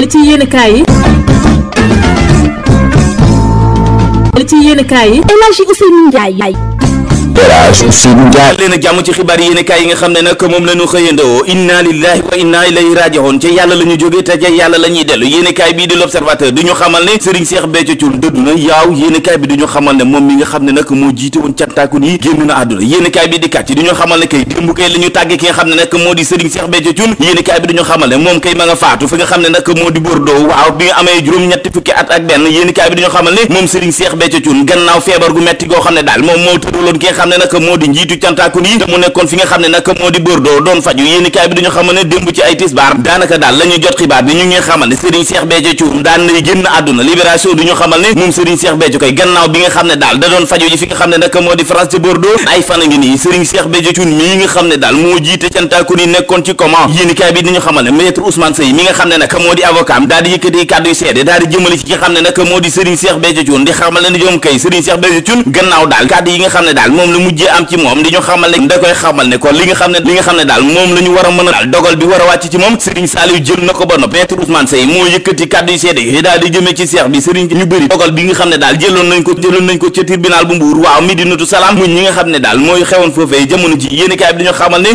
li ci yenn yi ci yenn yi El élage Seydou leen a jàmm ci xibaar yéenekaay wa inna ilayhi raji'un ca yàlla la ñu jógee bi du xamal ne moom kay démb nga faatu fi nga xam ne nag moo di Bordeaux waaw bi amee juróom-ñetti fukki at ak benn yéenekaay bi du xamal ne moom Serigne Cheikh Béthio Thioune gannaaw feebar gu metti goo xam ne daal moom moo tëddaloon ki nga xam ne moo di njiitu cantaakun yi te nekkoon fi nga xam ne nag moo di Bordeaux doon faju yéenikaay da doon di xamal ne maître Ousmane Seye mi nga xam ne gannaaw daal kàddu yi nga xam ne daal moom mujjee jël nañ ko ca tribunal bu Mbour waaw Medinatu Salaam mu ñi nga xam ne daal mooy xewoon foofee jamono ji yéenekaay nga xam ne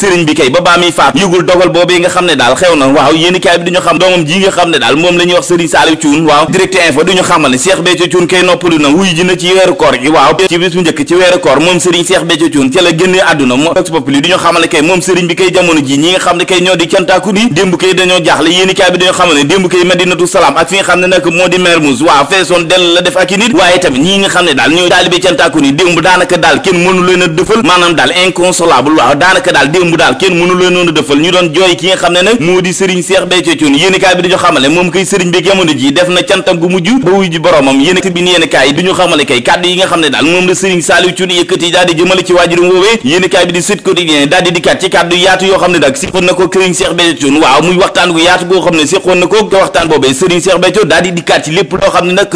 daal moom la wax Serigne Saliou Thioune waaw direct info duñu xamal ne Cheikh Béthio Thioune kay noppalu na wuy ji na ci weeru koor gi waaw ci bis bu njëkk ci weeru koor moom Serigne Cheikh Béthio Thioune ca la génnee àdduna mo vox populi di ñu xamal kay moom sëriñ bi kay jamono ji ñi nga xam ne kay ñoo di cantaaku a a gu mujj ba wuy ji boromam bi yéen kaay yi xamale kay kàddu yi nga xam ne daal moom la sëriñ Saliou Thioune yëkkati daal di jëm jëmale ci waajurum woowee yéenekaay bi di Sud Quotidien daal di dikkaat lépp loo xam ne nag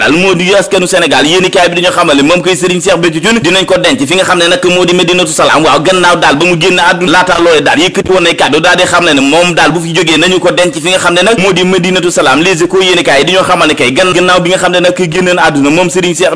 a moo di askanu Sénégal yéenekaay bi dañu xamale ne moom daal bu fi jógee nañu ko denc fi nga xam ne nag moo di Medinatu Salaam Les Échos yéenekaay yi dañoo xamal ne kay gannaaw bi nga xam ne nag génnoon àdduna moom Serigne Cheikh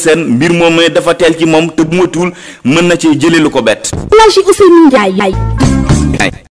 seen mbir moom mooy dafa teel ci moom te bu ma tuul mën na ci jëlee lu ko bett. El Hadji Ousseynou